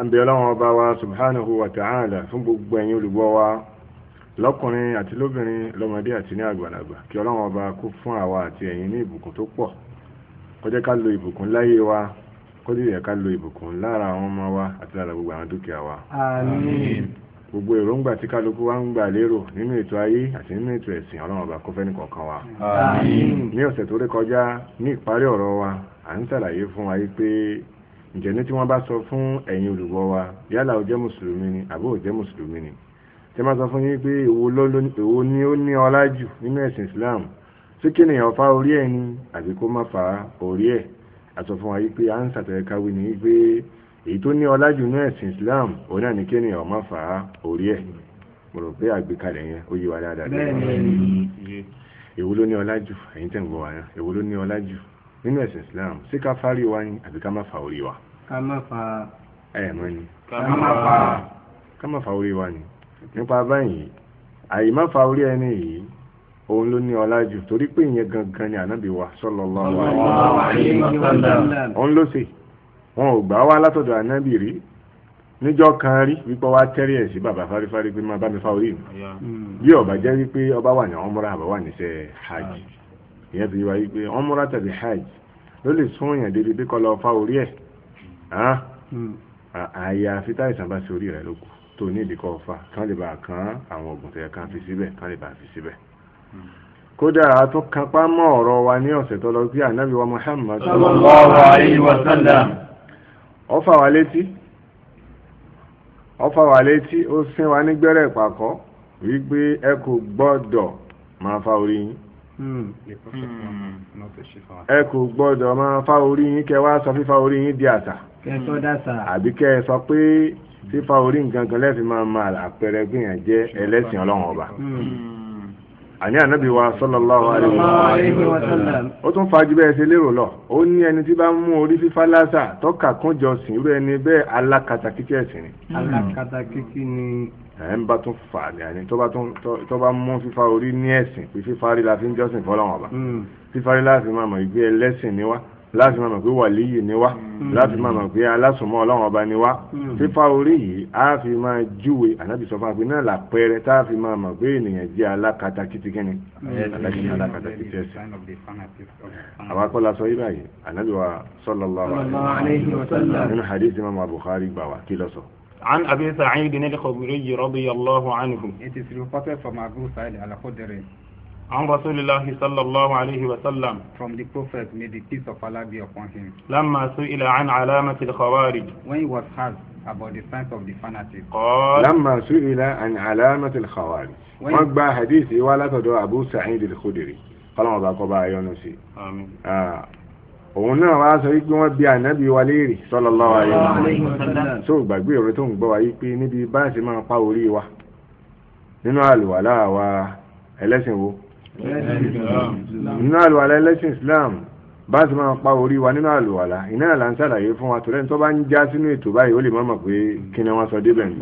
àǹbẹ̀ ọlọ́run ọba wa subhanahu wa ta'ala fún gbogbo ẹ̀yin olùgbọ́ wa lọ́kùnrin àti lóbìnrin lọ́mọdé àti ní àgbàlagbà kí ọlọ́run ọba kó fún àwa àti ẹ̀yin ní ìbùkún tó pọ̀ kó jẹ́ ká lo ìbùkún láyé wa kó jẹ́ ká lo ìbùkún lára àwọn ọmọ wa àti lára gbogbo àwọn dúkìá wa. àmín gbogbo èròǹgbà tí kálukú wa ń gbà lérò nínú ètò ayé àti nínú ètò ẹ̀sìn ọlọ́run ọba kó fẹ́ ní kọ̀ọ̀kan wa. àmín ní ọ̀sẹ̀ tó rékọjá ní ìparí ọ̀rọ̀ wa à ń ṣàlàyé fún wa yí pé ǹjẹ́ ní tí wọ́n bá sọ fún ẹ̀yin olùgbọ́ wa yálà ó jẹ́ mùsùlùmí ni àbí ó jẹ́ mùsùlùmí ni tí wọ́n sọ fún yín pé èwo ni ó ní ọlá jù nínú ẹ̀sìn Islam tí kìnìyàn fa orí ẹ̀ ni àbí kó má fa orí ẹ̀ àsọ fún wa yí pé à ń ṣàtẹ̀káwé ni yí pé èyí tó ní ọlá jù nínú ẹ̀sìn Islam òun náà ni kìnìyàn má fa orí ẹ̀ mo rò pé àgbékalẹ̀ yẹn ó yí wa dáadáa èwo ló ní ẹ̀yin èwo ló ní ọlá jù nínú ẹ̀sìn Islam ṣé ká fárí wa ni àbí ká má fa orí wa. ká má fa. ẹ mọ ni. ká má fa. ká má fa orí wa ni nípa báyìí àyè má fa orí ẹni yìí òun ló ní ọlá jù torí pé ìyẹn gangan ni ànábì wa sallallahu alaihi wasallam òun ló ṣe wọn ò gbà wá látọ̀dọ̀ ànábì rí níjọ́ kan rí wípé wá tẹ́rí ẹ̀ sí bàbá fárífárí pé má bá mi fa orí mi bí ọba jẹ́ wípé ọba wà ní ọmọra àbá wà níṣẹ́ hajj ìyẹn ti wáyé pé ọmúra tàbí hajj ló lè sún èèyàn débi pé kó lọ fá orí ẹ̀ hmm. àyàfi táìsàn bá sí orí rẹ̀ lókù tó ní ìdíkọ́ ọ̀fà kán lè bá kán àwọn oògùn tẹ̀yẹ kán fi síbẹ̀ kán lè bá fi síbẹ̀ hmm. kódà a tún kápá mọ́ ọ̀rọ̀ wa ní ọ̀sẹ̀ tó lọ sí ànábì wa Muhammad ọfà wa létí ọfà wa létí ó sin wa ní gbẹ́rẹ́ ìpàkọ́ wípé ẹ kò gbọ́dọ̀ máa fa orí yín ẹ kò gbọ́dọ̀ máa fá orí yín kẹ wá sọ fífa orí yín di àṣà àbí kẹ ẹ sọ pé fífa orí nǹkan kan lẹ́fì máa máa àpẹẹrẹ gbìyànjẹ́ ẹlẹ́sìn ọlọ́run ọba. Hmm àní ànábì wa sallallahu alaihi wa sallam ó tún fàájú bẹ́ẹ̀ ṣe lérò lọ ó ní ẹni tí bá ń mú orí fífá lásà tọ́ka kún jọsìn irú ẹni bẹ́ẹ̀ alákatakítí ẹ̀sìn ni. Hmm. alákatakítí ni. ẹ̀ ń bá tún fà ní àní tó bá mú fífá orí ní ẹ̀sìn pé fífá rí la fi ń jọ́sìn fọlọ́wọ́n ọba hmm. fífá rí la máa mọ̀ ìgbé ẹlẹ́sìn ni wá láti máa mọ̀ pé wàlíyì ni wá hmm. láti máa mọ̀ pé alásùnmọ́ ọlọ́run ọba ni wá hmm. fífa orí yìí á fi máa júwe ànábì sọ fún wa pé náà làpẹẹrẹ tá a fi máa mọ̀ pé ènìyàn jẹ́ alákatá títí kẹ́ni hmm. alákatá títí ẹsẹ̀. àwa kọ́ la sọ yí báyìí ànábì wa sallallahu alaihi wa sallam nínú hadith imam Bukhari gbà wá kí lọ sọ. عن أبي سعيد الخدري رضي الله عنه. عن رسول الله صلى الله عليه وسلم from the prophet may the peace of Allah be upon him لما سئل عن علامة الخوارج when he was asked about the signs of the fanatics قال لما سئل عن علامة الخوارج wọ́n gba hadith wá látọ̀dọ̀ Abu Sa'id al-Khudri kọ́lọ́mọ̀ bá kọ́ bá a yọnu sí òun náà wá sọ wípé wọ́n bí ànábì wa léèrè sallallahu alaihi wasallam tó gbàgbé ọ̀rẹ́ tó ń gbọ́ wa yí pé níbi bá a máa pa orí wa nínú àlùwàlá wa ẹlẹ́sìn wo nínú àlùwàlá ẹlẹ́sìn Islam bá ti máa pa orí wa nínú àlùwàlá iná àlà ń ṣàlàyé fún wa tòlẹ́ni tó bá ń já sínú ètò báyìí ó lè má mọ̀ pé kí ni wọ́n sọ débẹ̀ nù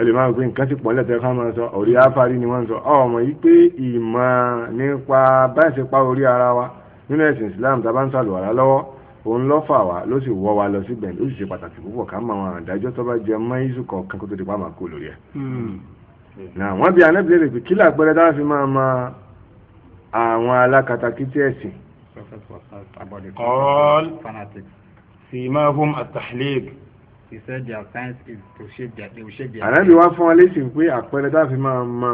ẹlẹ́ máa gbé nǹkan tí pọ̀lẹ́ tẹ́ ká máa sọ orí afárí ni wọ́n sọ ọmọ yìí pé ìmọ̀ nípa báyìí pa orí ara wa nínú ẹ̀sìn Islam tá a bá ń ṣàlùwàlá lọ́wọ́ òun lọ́ fà wá ló sì wọ́ wa lọ síbẹ̀ ó sì ṣe pàtàkì púpọ̀ ká máa àdájọ́ tó bá jẹ mọ́ ìsù kọ̀ọ̀kan kó tó ti pa máa kó lórí ẹ̀. Hmm náà wọ́n bí anábìlẹ̀ rẹ̀ pé kílà pẹ́rẹ́ dáhà fi máa ma àwọn alákatakítí ẹ̀sìn. all fanatics simahum at-tahlib he said their signs is to shake their they will shake their. ànábì wá fún wa lẹ́sìn pé àpẹẹrẹ tá a fi máa ma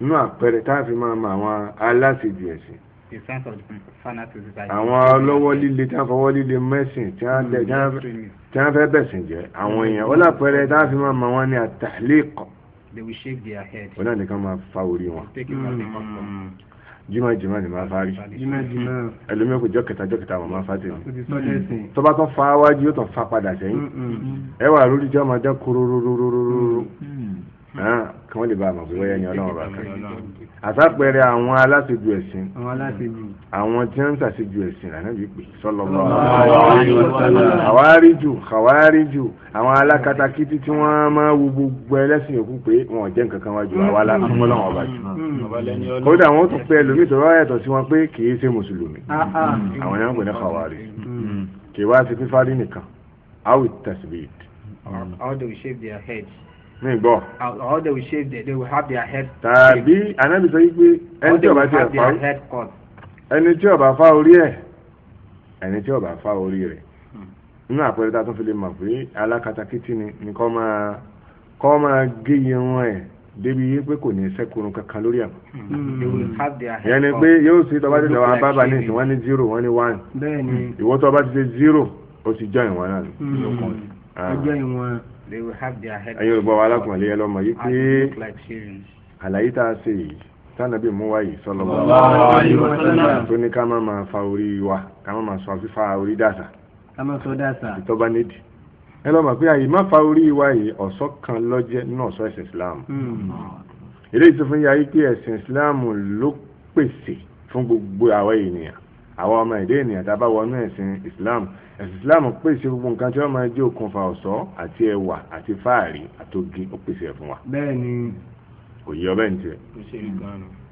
inú àpẹẹrẹ tá a fi máa ma àwọn aláṣejù ẹ̀sìn. the signs of the fanatics. àwọn ọlọ́wọ́ líle tí wọ́n fọwọ́ líle mẹ́sìn mm, tí wọ́n fẹ́ bẹ̀sìn jẹ́ àwọn èèyàn ó lápẹẹrẹ tá a fi máa ma wọn ní àtàlẹ́kọ̀ọ́ they will shave their head. wọn náà nìkan máa fa orí wọn. Mm. jimá jimá ni máa fárí. jimá jimá. ẹlòmíì kò jọ kẹta jọ kẹta àwọn máa fa tèmi. tó bá tán fa wájú yóò tán fa padà sẹ́yìn. Mm, mm, ẹ wà lórí jọ máa jẹ́ kóróróróróróró. Ah, kí wọ́n lè bá a mọ̀ pé wọ́n yẹ ẹni ọlọ́run bá kẹ́ àsápẹrẹ àwọn aláṣejù ẹ̀sìn àwọn tí wọ́n ń ṣàṣejù ẹ̀sìn lànàbí pè sọlọ́lọ́ àwáríjù àwáríjù àwọn alákatakítí tí wọ́n máa wo gbogbo ẹlẹ́sìn yòókù pé wọn ò jẹ́ nǹkan kan wájú àwa la fún ọlọ́run ọba jù mm, mm, kódà wọn tún pé ẹlòmíì tó wáyà tọ̀ sí wọn pé kì í ṣe mùsùlùmí ah, ah. Mm. àwọn yẹn ń pè ní àwárí kì í wá sí fífárí nìkan how it has been. how do we shape their heads mi gbọ́. all they will shave they, they will have their head. tàbí anabi sọ wípé ẹni tí ó bá tiẹ̀ fa ẹni tí ó bá fa orí ẹ̀ ẹni tí ó bá fa orí rẹ̀ hmm. nínú àpẹẹrẹ tá a tún fi lè mọ̀ pé alákatakítí ni ni kọ́ máa kọ́ máa gé irun ẹ̀ débi yìí pé kò ní sẹ́kùnrin kankan lórí àpò. Hmm. yẹn ni pé yóò sí tọ́ba tẹ̀lé wa bábà ní ìsìn wọ́n ní zero wọ́n ní one ìwọ tọ́ba ti ṣe zero ó ti jọ ìwọ̀n náà. ọjọ́ hmm. ìwọ̀n. They ẹ̀yin olùgbọ́ wa alákùnrin ẹlọ́mọ yìí pé àlàyé tá a ṣe yìí tánàbí mú wáyé sallallahu alaihi wasallam tó ní ká má máa fa orí wa ká má máa sọ fífa orí dàsà ìtọ́ba nídìí ẹ lọ́mọ pé àyè má fa orí wa yìí ọ̀ṣọ́ kan lọ́jẹ́ nínú ọ̀ṣọ́ ẹ̀sìn Islam hmm. eléyìí tó fún yà yí pé ẹ̀sìn Islam ló pèsè fún gbogbo àwọn ènìyàn àwọn ọmọ ìdí ènìyàn tá a bá wọnú ẹ̀sìn Islam ẹ̀sìn Islam pèsè gbogbo nǹkan tí wọ́n máa jẹ́ òkùnfà ọ̀ṣọ́ àti ẹwà àti fáàrí àtògì ó pèsè ẹ̀ fún wa. bẹ́ẹ̀ni kò yí ọbẹ̀ ní tiẹ̀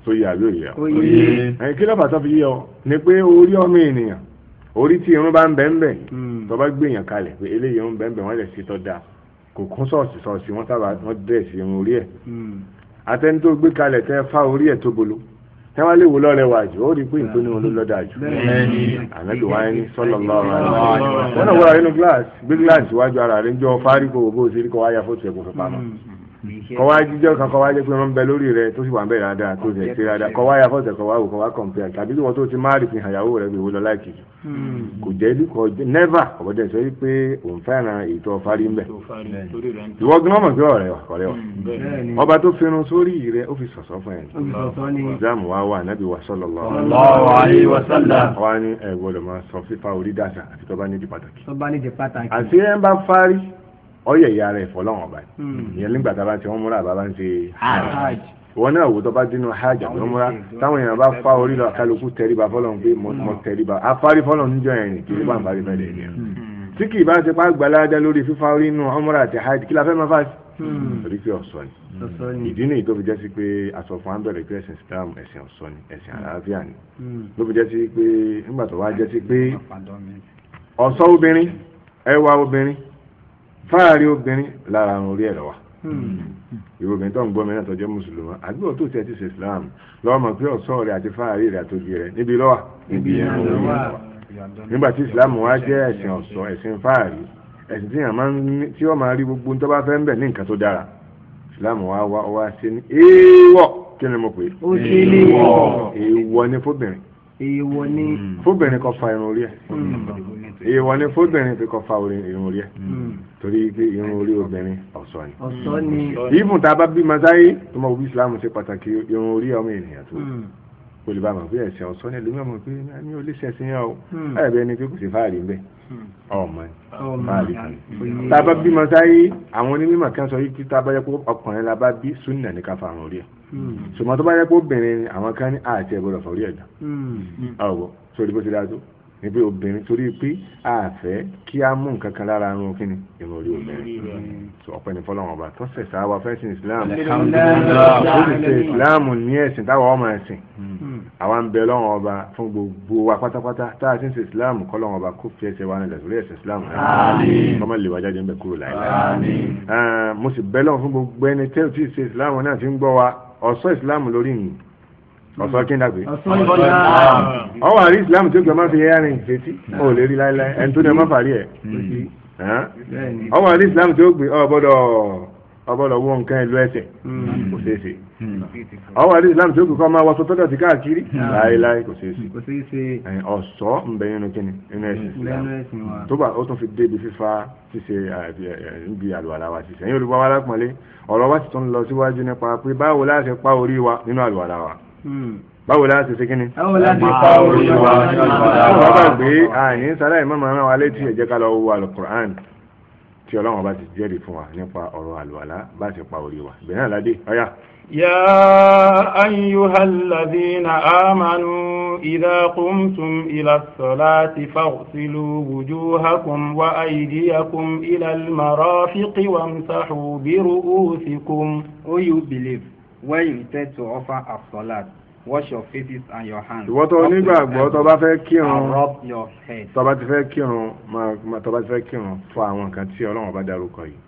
tó yẹ àbí òye ọ ẹ̀yìn kí lọ́pàá tó fi yí ọ ni pé orí ọmọ ènìyàn orí tí irun bá ń bẹ̀ ń bẹ̀ hmm. tó bá gbèyàn kalẹ̀ pé eléyìí irun bẹ̀ ń bẹ̀ wọ́n lè ṣe tó dáa kò kún sọ́ọ̀sì sọ́ọ̀sì wọ́n sábà wọ́n dẹ̀ sí irun orí ẹ̀ atẹ́ni hmm. tó gbé kalẹ̀ tẹ́ fá orí ẹ̀ tó bolo tí wọ́n lè wò lọ́rẹ̀ wà jù ó rí pé ìpinnu wọn ló lọ́dà jù ànábì wa ẹni sọ́lọ̀ lọ́rọ̀ wọn náà wọ́n rà nínú gíláàsì gbé gíláàsì wájú ara rẹ̀ ń jọ fárígò bó ṣe rí kọ́ wáyà fóòtù ẹ̀kọ́ fẹ́ pamọ́ hmm kọ́wá jíjọ́ kan kọ́wá jẹ́ pé wọ́n ń bẹ lórí rẹ tó sì wà ń bẹ dáadáa tó sì ṣe dáadáa kọ́wá ya fọ́sẹ̀ kọ́wá wò kọ́wá compare tàbí tí wọ́n tó ti máa rí fi hàn yàwó rẹ̀ bí wọ́n lọ láìkì jù hmm. kò jẹ́ bí kò jẹ́ never ọ̀bọ̀dẹ̀ sọ pé òun fẹ́ràn ètò ọ̀fárí ń bẹ̀ ìwọ gan mọ̀ sí ọ̀rẹ́ ọ̀rẹ́ wa hmm, ọba tó fẹnu sórí rẹ ó fi sọ̀sọ́ fún ẹ̀ ìzáàmù wa wà nábì wa sallallahu alaihi wasallam wa ní ọyẹ ìyá rẹ fọlọ́wọ́n ọba hmm. ìyẹn nígbà tá a bá ti wọ́n múra bàbá ń ṣe hajj wọn náà wò tó bá dínú hajj àti múra táwọn èèyàn bá fa orí lọ kálukú tẹríba fọlọ́n pé mo hmm. tẹríba afárí fọlọ́n níjọ ẹ̀rìn kì í bá ń parí fẹ́ lẹ́yìn ẹ̀ hmm. tí kì í bá ti pa gbalada lórí fífa orí inú ọmọra àti hajj kí la fẹ́ máa fà sí torí pé ọ̀sọ́ ni ìdí nìyí tó fi jẹ́ sí pé aṣọ fún abẹ́rẹ́ pé ẹ̀sìn Islam ẹ̀sìn ọ̀sọ́ ni ẹ̀sìn àlàáfíà ni ló fi jẹ́ sí pé nígbà tó wá jẹ́ sí pé ọ̀sọ́ obìnrin ẹwà obìnrin fáàrí obìnrin lára àrùn orí ẹ̀rọ wa hmm. hmm. ìwé obìnrin tó ń gbọ́ mi náà tọ́jú mùsùlùmí àgbẹ̀ ọ̀tún ti ṣe Islam lọ́wọ́ mọ̀ pé ọ̀sán rẹ̀ àti fáàrí rẹ̀ àtòbí rẹ̀ níbi lọ́wà nígbà tí Islam wá jẹ́ ẹ̀sìn ọ̀sọ́ ẹ̀sìn fáàrí ẹ̀sìn tí yàrá tí wọ́n máa rí gbogbo tó bá fẹ́ ń bẹ̀ ní nǹkan tó dára Islam wá wá wá ṣe ní èèwọ̀ kí ni mo pè é èèwọ̀ ni fóbìnrin hmm. fóbìnrin kò fa irun orí ẹ̀ èèwọ̀ ni fóbìnrin fi kọ́ fa irun orí ẹ̀ hmm. torí pé irun orí obìnrin ọ̀ṣọ́ ni. ọ̀ṣọ́ ni. ìfún hmm. tá a bá bí masáyé tó mọ òbí islam ṣe pàtàkì irun orí ọmọ ènìyàn tó hmm. kò lè bá mọ̀ pé ẹ̀sìn ọ̀ṣọ́ ni ẹlòmíràn mọ̀ pé mi ò lè ṣe ẹ̀sìn yẹn o ẹ̀bẹ̀ ni pé kò sí fáàrí ńbẹ ọmọ fáàrí kan tá a bá bí masáyé àwọn onímọ̀ kan sọ yìí tá a bá yẹ kó ọkùnrin la bá bí sunna ní ká àwọn orí ẹ̀ sọmọ tó bá yẹ kó obìnrin àwọn kan ní àti ẹ̀bọ̀rọ̀ fọ̀rí ẹ̀dá ọ̀wọ̀ sórí bó ti dáa ni pé obìnrin torí pé a fẹ́ kí a mú nǹkan kan lára irun kí ni irun orí obìnrin so ọpẹ́ ní fọlọ́wọn ọba tó ṣẹ̀ṣẹ̀ àwa fẹ́sìn islam ó sì ṣe islam ní ẹ̀sìn táwa ọmọ ẹ̀sìn àwa ń bẹ lọ́wọ́n ọba fún gbogbo wa pátápátá tá a ti ń ṣe islam kọ́ lọ́wọ́n ọba kó fi ẹsẹ̀ wa nílẹ̀ sórí ẹ̀sìn islam ọmọ lè wá jáde ń bẹ kúrò láìláì mo sì bẹ lọ́wọ́n fún gbogbo ẹni islam náà ti ń gbọ́ wa ọ̀ṣọ́ islam lórí ọ̀sán kí n dàgbé. ọ wà rí islam tí ó kẹ́ máa fi yára rìn létí mm. ó lè rí láéláé ẹni tó ní ọmọ fàárí ẹ̀. Mm. ọ wà islam tí ó gbé ọ gbọ́dọ̀ ọ gbọ́dọ̀ wọ nǹkan ẹlú ẹsẹ̀ mm. kò ṣeé ṣe. ọ wà islam tí ó gbé kọ́ máa wọ sọtọ́dọ̀ sí káàkiri láéláé kò ṣeé ṣe. ọ̀sọ́ ń bẹ nínú kíni nínú ẹ̀sìn islam tó bá ó tún fi débi fífa ṣíṣe níbi àlùwàlà wa ṣiṣẹ́ yín olùkọ́ wa lápọ̀nlé ọ̀rọ̀ wa sì tún lọ síwájú nípa pé báwo la pa orí wa nínú àlùwàlà báwo láti ṣe kíni. báwo láti pa orí wa nínú ọ̀la. wọ́n gbàgbé àní sáláì mọ́ màmá wa létí ẹ̀jẹ̀ ká lọ wo alukur'an tí ọlọ́run bá ti jẹ́rìí fún wa nípa ọ̀rọ̀ àlùwàlá bá ti pa orí wa bẹ́ẹ̀ náà ládé ọ̀yà. يا أيها الذين آمنوا إذا قمتم إلى الصلاة فاغسلوا وجوهكم وأيديكم إلى المرافق وامسحوا برؤوسكم. Oh you believe where you intend to offer a salat wash your faces and your hands. ìwọ tó onígbàgbọ́ tó bá fẹ́ kírun tó bá ti fẹ́ kírun tó bá ti fẹ́ kírun fọ àwọn nǹkan tí ọlọ́run bá darúkọ yìí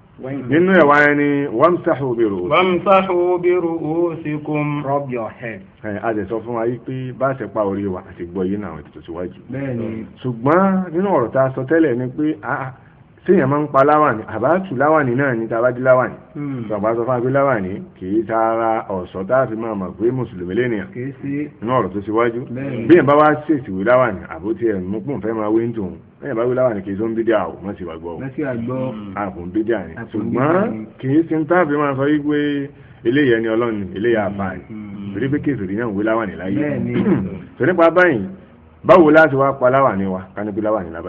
nínú ẹ̀wá yẹn ni wamsahu bi ru'usikum. wamsahu bi ru'usikum. rub your head. ẹ a lè sọ fún wa yìí pé bá a ṣe pa orí wa àti gbọ́ yìí náà ètò tó ti wájú. bẹ́ẹ̀ni. ṣùgbọ́n nínú ọ̀rọ̀ tá a sọ tẹ́lẹ̀ ni pé séèyàn máa ń pa láwàní àbátù láwàní náà ní tabadí láwàní sọ̀gbà hmm. sọ fún agbé láwàní kì í tara ọ̀sọ̀ tá a fi máa mọ̀ pé mùsùlùmí lẹ́nìyàn ní ọ̀rọ̀ tó síwájú bí yẹn bá wá ṣèṣì wí láwàní àbótí ẹ̀ mú pọ̀ fẹ́ máa wé ń tòun ẹ̀yìn bá wí láwàní kì í tó bídíà o mọ̀ sí wa gbọ́ o àpò hmm. ń bídíà ni ṣùgbọ́n kì í sin tá a fi máa sọ ni ọlọ́ni eléyà àbáyé hmm. torí pé kéferì náà wí láwàní láyé tó nípa báyìí báwo láti wá pa láwàní wa ká ní pé láwàní la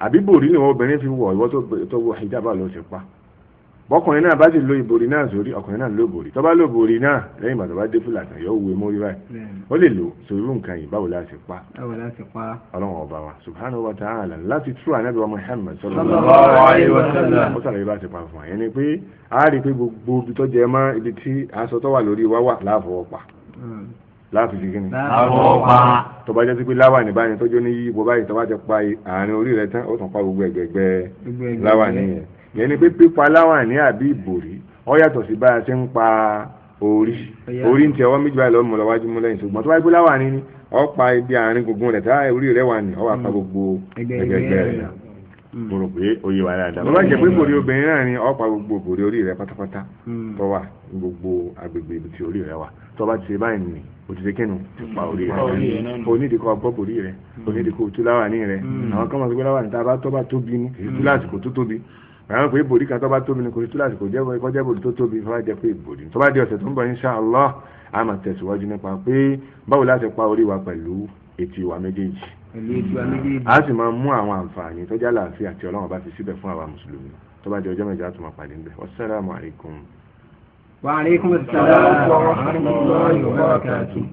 àbí bòrí ni wọn obìnrin fi wọ ìwọ tó wọ hijab ló ti pa bọ́kùnrin náà bá sì lo ìbòrí náà sórí ọkùnrin náà ló bòrí tó bá lo bòrí náà lẹ́yìn ìgbà tó bá dé fúlàtà yóò wé mórí báyìí ó lè lò sòrú nǹkan yìí báwo la ṣe pa ọlọ́run ọba wa subhanahu wa ta'ala láti tú ànábì wa muhammed sallallahu alaihi wa sallam ó sàlàyé bá ṣe pa fún wa yẹn pé a rí i pé gbogbo ibi tó jẹ mọ́ ibi tí aṣọ tó wà lórí wa wà láàfọwọ́ láàfin fi kíni. láàfọ̀ pa. tó bá jẹ́ sí pé láwàní báyìí tọ́jú ní yíyí bó báyìí tó bá jẹ́ pa àárín orí rẹ̀ tán ó tàn pa gbogbo ẹ̀gbẹ̀gbẹ̀ láwàní yẹn. yẹn ni pé pípa láwàní àbí ìbòrí ó yàtọ̀ sí bá a ṣe ń pa orí orí ń tẹ ọwọ́ méjì báyìí lọ́mọ lọ́wájú mú lẹ́yìn ṣùgbọ́n tó bá jẹ́ pé láwàní ni ó pa ibi àárín gbogbo rẹ̀ tá orí rẹ̀ wà ní ó wà pa hmm. gbogbo ẹ̀gbẹ̀gbẹ̀ rẹ̀ náà. Mm. mo rò pé oyè wa dáadáa. bàbá jẹ pé mm. bòrí obìnrin náà ni ọ̀pá gbogbo bòrí orí rẹ pátápátá mm. tó wà gbogbo agbègbè ibi tí orí rẹ wà tó bá ti ṣe báyìí nì o ti ṣe kínu ti pa orí rẹ onídìí kọ ọgbọ́ bòrí rẹ onídìí kọ tú láwàní rẹ àwọn kan máa sọ pé láwàní tá a bá tó bá tóbi ni kì í tú lásìkò tó tóbi àwọn pé bòrí kan tó bá tóbi ni kò sí tú lásìkò kọjá bòrí tó tóbi tó bá jẹ pé bòrí tó bá di ọ̀sẹ̀ tó ń bọ̀ insha Allah a máa tẹ̀síwájú nípa pé báwo láti etí wa méjèèjì a sì máa mú àwọn àǹfààní tó jẹ́ àlàáfíà àti ọlọ́run bá fi síbẹ̀ fún àwa mùsùlùmí tó bá jẹ́ ọjọ́ mẹ́jọ àtúmọ̀ pàdé ńbẹ̀ wassalamu alaikum. wa alaikum assalam wa rahmatullahi wa barakatuh.